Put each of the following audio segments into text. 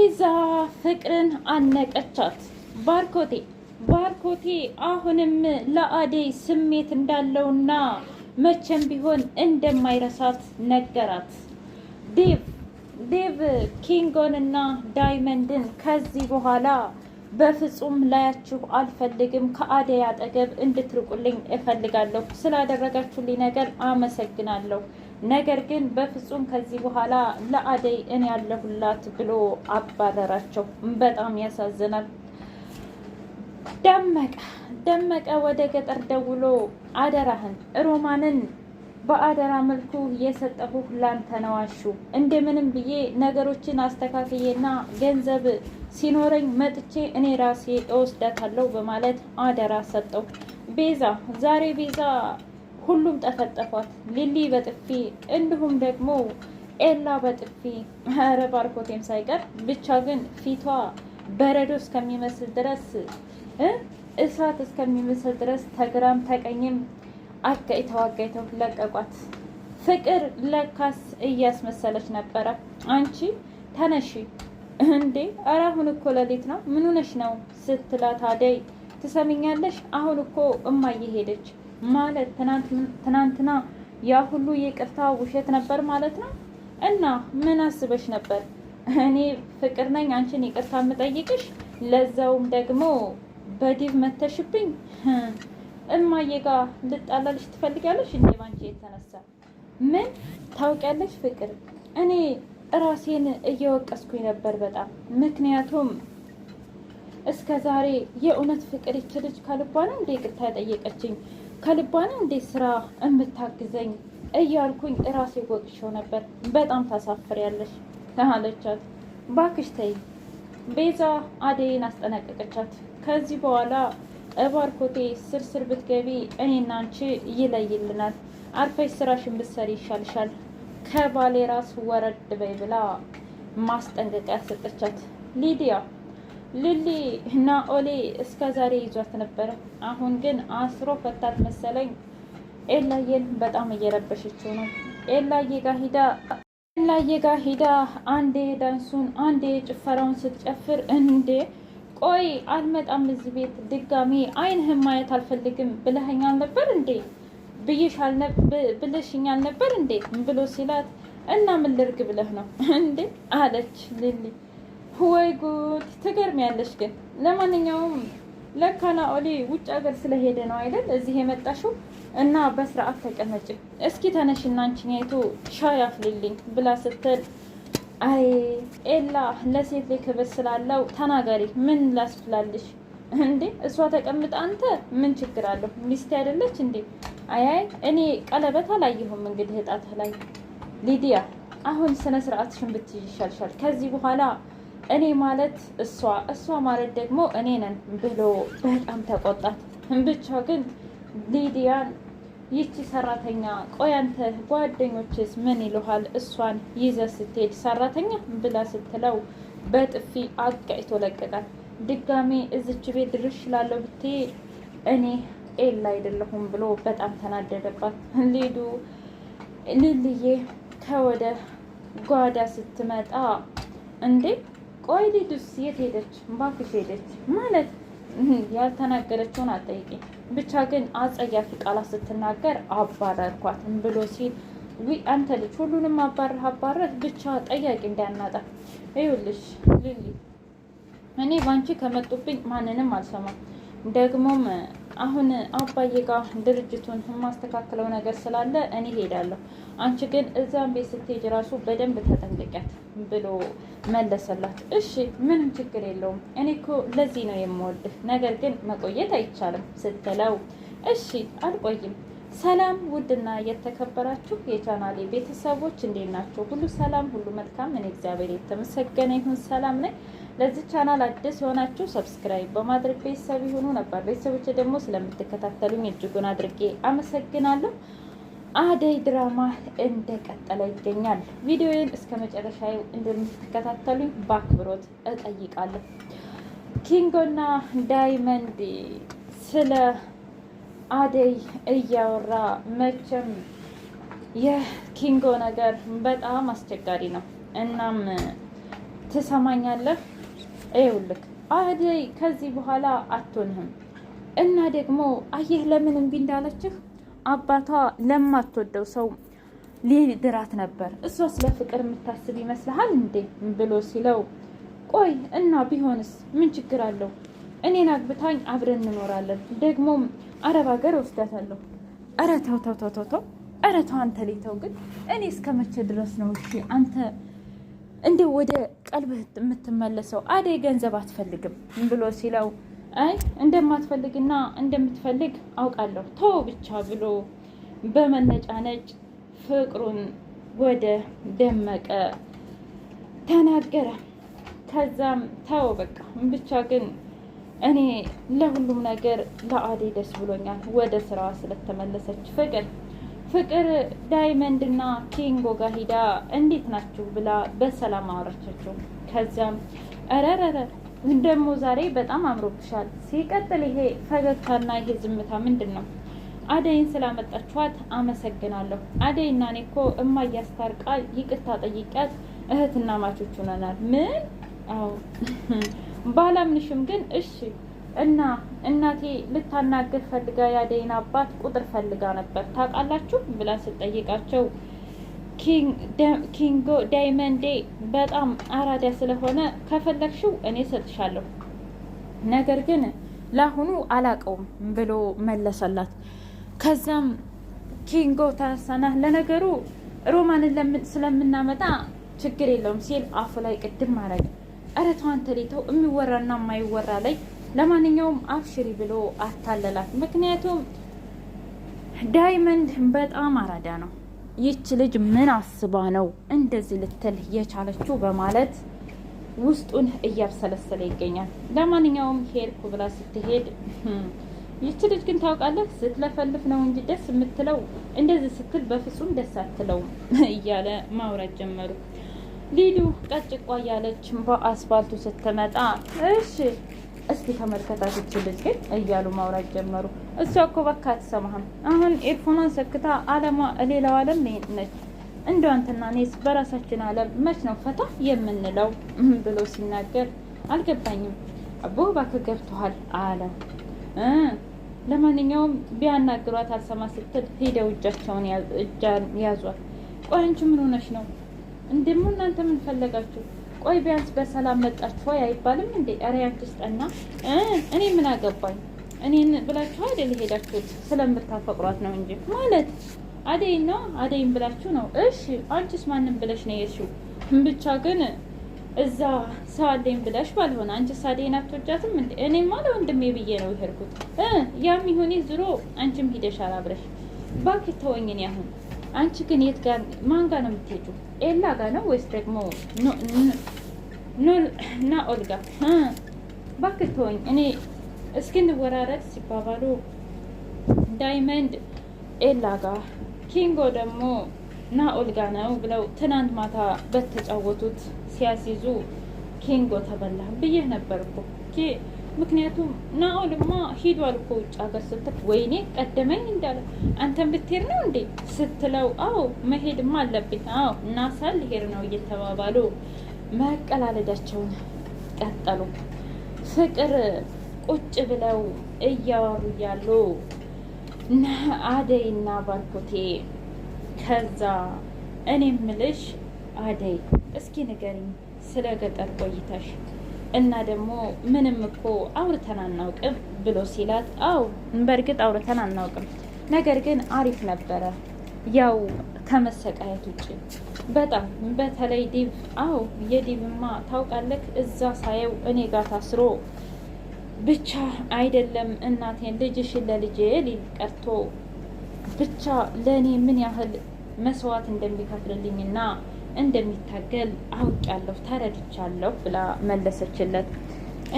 ቤዛ ፍቅርን አነቀቻት። ባርኮቴ ባርኮቴ አሁንም ለአደይ ስሜት እንዳለውና መቼም ቢሆን እንደማይረሳት ነገራት። ዴቭ ዴቭ ኪንጎንና ዳይመንድን ከዚህ በኋላ በፍጹም ላያችሁ አልፈልግም፣ ከአደይ አጠገብ እንድትርቁልኝ እፈልጋለሁ። ስላደረጋችሁልኝ ነገር አመሰግናለሁ ነገር ግን በፍጹም ከዚህ በኋላ ለአደይ እኔ ያለሁላት ብሎ አባረራቸው። በጣም ያሳዝናል። ደመቀ ደመቀ ወደ ገጠር ደውሎ አደራህን ሮማንን በአደራ መልኩ የሰጠሁህ ላንተ ነው አሹ እንደምንም ብዬ ነገሮችን አስተካክዬና ገንዘብ ሲኖረኝ መጥቼ እኔ ራሴ እወስዳታለሁ በማለት አደራ ሰጠው። ቤዛ ዛሬ ቤዛ ሁሉም ጠፈጠፏት። ሊሊ በጥፊ እንዲሁም ደግሞ ኤላ በጥፊ ኧረ ባርኮቴም ሳይቀር ብቻ ግን ፊቷ በረዶ እስከሚመስል ድረስ እሳት እስከሚመስል ድረስ ተግራም ተቀኝም አጋይተው አጋይተው ለቀቋት። ፍቅር ለካስ እያስመሰለች ነበረ። አንቺ ተነሺ እንዴ! ኧረ አሁን እኮ ሌሊት ነው። ምን ሆነሽ ነው ስትላት አደይ ትሰሚኛለሽ፣ አሁን እኮ እማዬ ሄደች ማለት ትናንትና ያ ሁሉ ይቅርታ ውሸት ነበር ማለት ነው። እና ምን አስበሽ ነበር? እኔ ፍቅር ነኝ አንቺን ይቅርታ የምጠይቅሽ ለዛውም ደግሞ በዲቭ መተሽብኝ እማዬ ጋር ልጣላልሽ ትፈልጊያለሽ እንዴ? ባንቺ የተነሳ ምን ታውቂያለሽ? ፍቅር እኔ ራሴን እየወቀስኩኝ ነበር በጣም ምክንያቱም እስከ ዛሬ የእውነት ፍቅር ይችልች ካልባለ እንደ ይቅርታ ያጠየቀችኝ ከልባን እንዴት ስራ የምታግዘኝ እያልኩኝ እራሴ ወቅሼው ነበር። በጣም ታሳፍሪያለሽ አለቻት። ባክሽ ተይ ቤዛ አደይን አስጠነቀቀቻት። ከዚህ በኋላ እባርኮቴ ስርስር ብትገቢ እኔና አንቺ ይለይልናል። አርፈሽ ስራሽን ብትሰሪ ይሻልሻል። ከባሌ ራስ ወረድ በይ ብላ ማስጠንቀቂያ ሰጠቻት ሊዲያ ልሊ እና ኦሌ እስከ ዛሬ ይዟት ነበረ። አሁን ግን አስሮ ፈታት መሰለኝ። ኤላየን በጣም እየረበሸችው ነው። ኤላየ ጋ ሂዳ ጋ ሂዳ አንዴ ዳንሱን አንዴ ጭፈራውን ስትጨፍር እንዴ ቆይ አልመጣም እዚህ ቤት ድጋሚ አይንህም ማየት አልፈልግም ብለኸኛል ነበር እንዴ ብለሽኛል ነበር እንዴ ብሎ ሲላት እና ምን ልርግ ብለህ ነው እንዴ አለች ልሊ። ወይ ጉድ ትገርሚያለሽ። ግን ለማንኛውም ለካ ናኦሌ ውጭ ሀገር ስለሄደ ነው አይደል እዚህ የመጣሽው? እና በስርዓት ተቀመጭ እስኪ ተነሽና አንቺን አይቶ ሻይ አፍልልኝ ብላ ስትል አይ ኤላ ለሴት ላይ ክብር ስላለው ተናጋሪ ምን ላስፍላልሽ እንዴ? እሷ ተቀምጣ አንተ ምን ችግር አለሁ? ሚስቴ አይደለች እንዴ? አያይ እኔ ቀለበት አላየሁም። እንግዲህ እጣትህ ላይ ሊዲያ፣ አሁን ስነ ስርዓትሽን ብትይዥ ይሻልሻል። ከዚህ በኋላ እኔ ማለት እሷ እሷ ማለት ደግሞ እኔ ነን ብሎ በጣም ተቆጣት። ብቻ ግን ሊዲያን ይቺ ሰራተኛ ቆይ አንተ ጓደኞችስ ምን ይልሃል? እሷን ይዘ ስትሄድ ሰራተኛ ብላ ስትለው በጥፊ አጋጭቶ ለቀቃል። ድጋሜ እዝች ቤት ድርሽ ላለው ብቴ እኔ ኤላ አይደለሁም ብሎ በጣም ተናደደባት። ሊዱ ልልዬ ከወደ ጓዳ ስትመጣ እንዴ ቆይ ልጁስ የት ሄደች? እባክሽ ሄደች ማለት ያልተናገረችውን አጠይቂ። ብቻ ግን አጸያፊ ቃላት ስትናገር አባረርኳትን ብሎ ሲል ዊ አንተ ልጅ ሁሉንም አባረህ አባረህ ብቻ ጠያቂ እንዳያናጣ። ይኸውልሽ ልል እኔ ባንቺ ከመጡብኝ ማንንም አልሰማም ደግሞም አሁን አባዬ ጋር ድርጅቱን የማስተካክለው ነገር ስላለ እኔ ሄዳለሁ፣ አንቺ ግን እዛም ቤት ስትሄጅ ራሱ በደንብ ተጠንቅቂያት ብሎ መለሰላት። እሺ ምንም ችግር የለውም እኔ እኮ ለዚህ ነው የምወድህ፣ ነገር ግን መቆየት አይቻልም ስትለው እሺ አልቆይም ሰላም ውድና የተከበራችሁ የቻናሌ ቤተሰቦች እንዴት ናቸው? ሁሉ ሰላም፣ ሁሉ መልካም። እኔ እግዚአብሔር የተመሰገነ ይሁን ሰላም ነኝ። ለዚህ ቻናል አዲስ የሆናችሁ ሰብስክራይብ በማድረግ ቤተሰብ ይሁኑ። ነባር ቤተሰቦች ደግሞ ስለምትከታተሉኝ እጅጉን አድርጌ አመሰግናለሁ። አደይ ድራማ እንደቀጠለ ይገኛል። ቪዲዮዬን እስከ መጨረሻ እንደምትከታተሉኝ በአክብሮት እጠይቃለሁ። ኪንጎና ዳይመንድ ስለ አደይ እያወራ መቼም የኪንጎ ነገር በጣም አስቸጋሪ ነው። እናም ትሰማኛለህ፣ ይኸውልህ አደይ ከዚህ በኋላ አትሆንህም እና ደግሞ አየህ ለምን እምቢ እንዳለችህ አባቷ ለማትወደው ሰው ሊድራት ነበር። እሷ ስለ ፍቅር የምታስብ ይመስልሃል እንዴ ብሎ ሲለው ቆይ እና ቢሆንስ ምን ችግር አለው? እኔን አግብታኝ አብረን እንኖራለን። ደግሞም አረብ ሀገር ወስዳታለሁ። ኧረ ተው ተው ተው ተው ተው፣ ኧረ ተው አንተ ሌተው ተው። ግን እኔ እስከ መቼ ድረስ ነው እሺ አንተ እንደ ወደ ቀልብህ የምትመለሰው? አደይ ገንዘብ አትፈልግም ብሎ ሲለው አይ እንደማትፈልግና እንደምትፈልግ አውቃለሁ ተው ብቻ ብሎ በመነጫ ነጭ ፍቅሩን ወደ ደመቀ ተናገረ። ከዛም ተው በቃ ብቻ ግን እኔ ለሁሉም ነገር ለአዴ ደስ ብሎኛል፣ ወደ ስራ ስለተመለሰች። ፍቅር ፍቅር ዳይመንድና ኬንጎ ጋር ሂዳ እንዴት ናችሁ ብላ በሰላም አወራቻቸው። ከዚያም ረረረ ደግሞ ዛሬ በጣም አምሮብሻል። ሲቀጥል ይሄ ፈገግታና ይሄ ዝምታ ምንድን ነው? አደይን ስላመጣችኋት አመሰግናለሁ። አደይና እኔ እኮ እማያስታርቃል ይቅርታ ጠይቂያት እህትና ማቾች ሆነናል። ምን አዎ ባላምንሽም ግን እሺ እና እናቴ ልታናግር ፈልጋ ያደይን አባት ቁጥር ፈልጋ ነበር ታውቃላችሁ ብላ ስጠይቃቸው ኪንጎ ዳይመንዴ በጣም አራዳ ስለሆነ ከፈለግሽው እኔ ሰጥሻለሁ፣ ነገር ግን ለአሁኑ አላቀውም ብሎ መለሰላት። ከዛም ኪንጎ ተነሳና ለነገሩ ሮማንን ስለምናመጣ ችግር የለውም ሲል አፉ ላይ ቅድም አረገ። ኧረ ተው አንተ ሌተው የሚወራና የማይወራ ላይ ለማንኛውም አብሽሪ ብሎ አታለላት። ምክንያቱም ዳይመንድ በጣም አራዳ ነው። ይች ልጅ ምን አስባ ነው እንደዚህ ልትል የቻለችው በማለት ውስጡን እያብሰለሰለ ይገኛል። ለማንኛውም ሄድኩ ብላ ስትሄድ ይች ልጅ ግን ታውቃለህ ስትለፈልፍ ነው እንጂ ደስ የምትለው እንደዚህ ስትል በፍጹም ደስ አትለውም እያለ ማውራት ጀመሩ። ሊዱ ቀጭቋ እያለች በአስፋልቱ ስትመጣ እሺ እስቲ ተመልከታት ይችልች ግን እያሉ ማውራት ጀመሩ። እሷ እኮ በካ አትሰማህም። አሁን ኤርፎኗን ሰክታ አለማ ሌላው አለም ነች። እንደ አንተና እኔስ በራሳችን አለም መች ነው ፈታ የምንለው ብሎ ሲናገር አልገባኝም። አቦ እባክህ ገብቶሃል አለ። ለማንኛውም ቢያናግሯት አልሰማ ስትል ሄደው እጃቸውን ያዟል። ቆንጆ ምን ሆነሽ ነው እንደሞ እናንተ ምን ፈለጋችሁ? ቆይ ቢያንስ በሰላም መጣችሁ ወይ አይባልም እንዴ? ኧረ ያንቺስ ጠና። እኔ ምን አገባኝ? እኔን ብላችሁ አይደል ሄዳችሁት? ስለምታፈቅሯት ነው እንጂ ማለት አደይ ነው አደይም ብላችሁ ነው። እሺ አንቺስ ማንም ብለሽ ነው የሄድሽው? ብቻ ግን እዛ ሰው አለኝ ብለሽ ባልሆነ አንቺስ አደይን አትወጃትም እንዴ? እኔ እኔማ ወንድሜ ብዬ ነው የሄድኩት። ያም ይሁን ዝሮ አንቺም ሂደሽ አላብረሽ ባክ ተወኝን ያሁን አንቺ ግን የት ጋር ማን ጋር ነው የምትሄጂው? ኤላ ጋር ነው ወይስ ደግሞ ና ኦልጋ እባክህ ተወኝ። እኔ እስኪ ሲባባሉ ዳይመንድ ኤላ ጋር ኪንጎ ደግሞ ና ኦልጋ ነው ብለው ትናንት ማታ በተጫወቱት ሲያስይዙ ኪንጎ ተበላ ብዬ ነበር እኮ ምክንያቱም ናኦልማ ሂዷል እኮ ውጭ ሀገር ስትል ወይኔ ቀደመኝ እንዳለ አንተን ብትሄድ ነው እንዴ ስትለው፣ አዎ መሄድማ አለብኝ አዎ እናሳል ሄድ ነው እየተባባሉ መቀላለዳቸውን ቀጠሉ። ፍቅር ቁጭ ብለው እያወሩ አደይ አደይና ባርኮቴ ከዛ እኔ ምልሽ አደይ እስኪ ንገሪኝ ስለ ገጠር ቆይታሽ እና ደግሞ ምንም እኮ አውርተን አናውቅም ብሎ ሲላት፣ አው በእርግጥ አውርተን አናውቅም፣ ነገር ግን አሪፍ ነበረ ያው ከመሰቃየት ውጭ በጣም በተለይ ዲብ አው የዲብማ ታውቃለህ፣ እዛ ሳየው እኔ ጋር ታስሮ ብቻ አይደለም እናቴን ልጅሽን ለልጄ ሊል ቀርቶ ብቻ ለእኔ ምን ያህል መስዋዕት እንደሚከፍልልኝና እንደሚታገል አውቄያለሁ፣ ተረድቻለሁ ብላ መለሰችለት።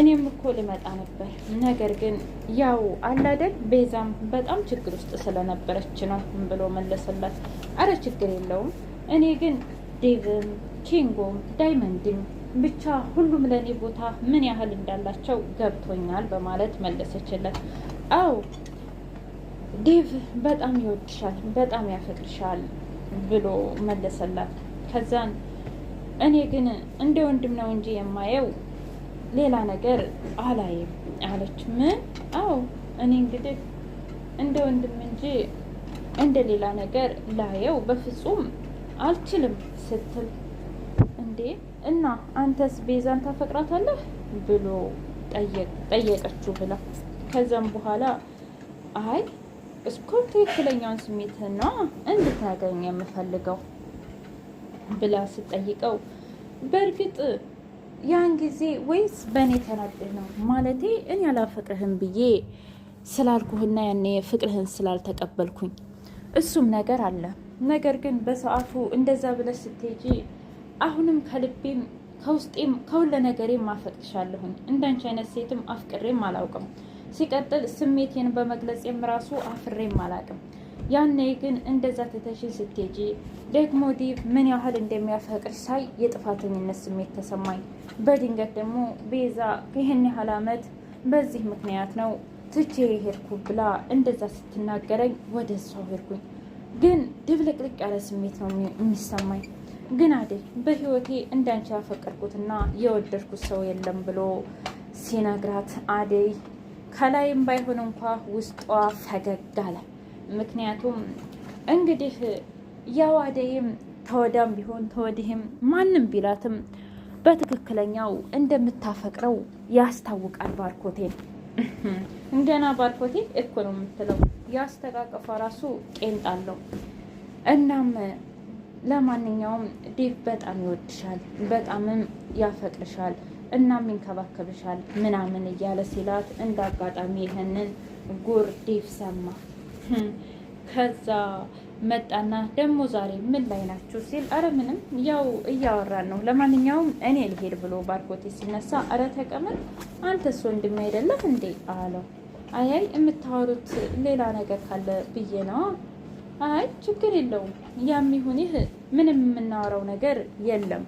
እኔም እኮ ልመጣ ነበር፣ ነገር ግን ያው አላደል ቤዛም በጣም ችግር ውስጥ ስለነበረች ነው ብሎ መለሰላት። አረ ችግር የለውም እኔ ግን ዴቭም ኪንጎም ዳይመንድም ብቻ ሁሉም ለእኔ ቦታ ምን ያህል እንዳላቸው ገብቶኛል በማለት መለሰችለት። አው ዴቭ በጣም ይወድሻል፣ በጣም ያፈቅርሻል ብሎ መለሰላት። ከዛን እኔ ግን እንደ ወንድም ነው እንጂ የማየው ሌላ ነገር አላይም አለች። ምን? አዎ እኔ እንግዲህ እንደ ወንድም እንጂ እንደ ሌላ ነገር ላየው በፍጹም አልችልም ስትል፣ እንዴ እና አንተስ ቤዛን ታፈቅራታለህ ብሎ ጠየቀችው ብላ ከዛም በኋላ አይ እስኮ ትክክለኛውን ስሜትና እንድታገኝ የምፈልገው ብላ ስጠይቀው በእርግጥ ያን ጊዜ ወይስ በእኔ ተናደህ ነው ማለቴ እኔ አላፈቅርህም ብዬ ስላልኩህና ያኔ ፍቅርህን ስላልተቀበልኩኝ እሱም ነገር አለ። ነገር ግን በሰዓቱ እንደዛ ብለሽ ስትሄጂ አሁንም ከልቤም ከውስጤም ከሁለ ነገሬም አፈቅርሻለሁኝ። እንዳንቺ አይነት ሴትም አፍቅሬም አላውቅም። ሲቀጥል ስሜቴን በመግለጽም ራሱ አፍሬም አላውቅም። ያኔ ግን እንደዛ ትተሽን ስትሄጂ ደግሞ ዲብ ምን ያህል እንደሚያፈቅር ሳይ የጥፋተኝነት ስሜት ተሰማኝ። በድንገት ደግሞ ቤዛ ይህን ያህል ዓመት በዚህ ምክንያት ነው ትቼ ሄርኩ ብላ እንደዛ ስትናገረኝ ወደ እሷው ሄድኩኝ። ግን ድብልቅልቅ ያለ ስሜት ነው የሚሰማኝ። ግን አደይ በህይወቴ እንዳንቺ ያፈቀርኩትና የወደድኩት ሰው የለም ብሎ ሲነግራት አደይ ከላይም ባይሆን እንኳ ውስጧ ፈገግ አለ። ምክንያቱም እንግዲህ ያው አደይም ተወዳም ቢሆን ተወዲህም ማንም ቢላትም በትክክለኛው እንደምታፈቅረው ያስታውቃል። ባርኮቴ እንደና ባርኮቴ እኮ ነው የምትለው ያስተቃቀፈ ራሱ ቄንጣለው። እናም ለማንኛውም ዴቭ በጣም ይወድሻል፣ በጣምም ያፈቅርሻል፣ እናም ይንከባከብሻል ምናምን እያለ ሲላት እንደ አጋጣሚ ይህንን ጉር ዴቭ ሰማ። ከዛ መጣና ደግሞ ዛሬ ምን ላይ ናችሁ ሲል፣ አረ ምንም ያው እያወራን ነው፣ ለማንኛውም እኔ ልሄድ ብሎ ባርኮቴ ሲነሳ፣ አረ ተቀመጥ አንተስ ወንድሜ አይደለም እንዴ አለው። አያይ የምታወሩት ሌላ ነገር ካለ ብዬ ነዋ። አይ ችግር የለውም ያም ይሁን ይህ ምንም የምናወራው ነገር የለም።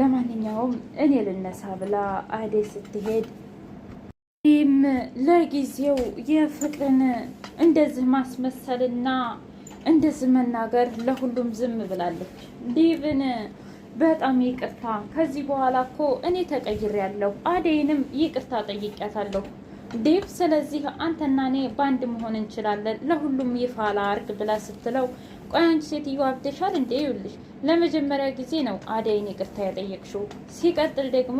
ለማንኛውም እኔ ልነሳ ብላ አዴ ስትሄድ ይህም ለጊዜው የፍቅርን እንደዚህ ማስመሰልና እንደዚህ መናገር ለሁሉም ዝም ብላለች። ዴቭን በጣም ይቅርታ፣ ከዚህ በኋላ እኮ እኔ ተቀይሬያለሁ፣ አደይንም ይቅርታ ጠይቄያታለሁ ዴቭ ስለዚህ አንተና እኔ በአንድ መሆን እንችላለን፣ ለሁሉም ይፋ ላርግ ብላ ስትለው፣ ቆይ አንቺ ሴትዮ አብደሻል እንዴ? ይኸውልሽ ለመጀመሪያ ጊዜ ነው አደይን ይቅርታ ያጠየቅሽው። ሲቀጥል ደግሞ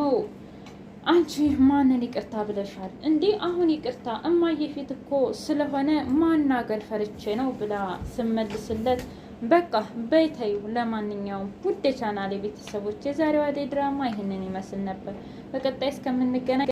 አንቺ ማንን ይቅርታ ብለሻል እንዴ? አሁን ይቅርታ እማዬ ፊት እኮ ስለሆነ ማናገር ፈርቼ ነው ብላ ስመልስለት፣ በቃ በይታዩ። ለማንኛውም ውድ የቻናሌ ቤተሰቦች የዛሬዋ አደይ ድራማ ይህንን ይመስል ነበር። በቀጣይ እስከምንገናኝ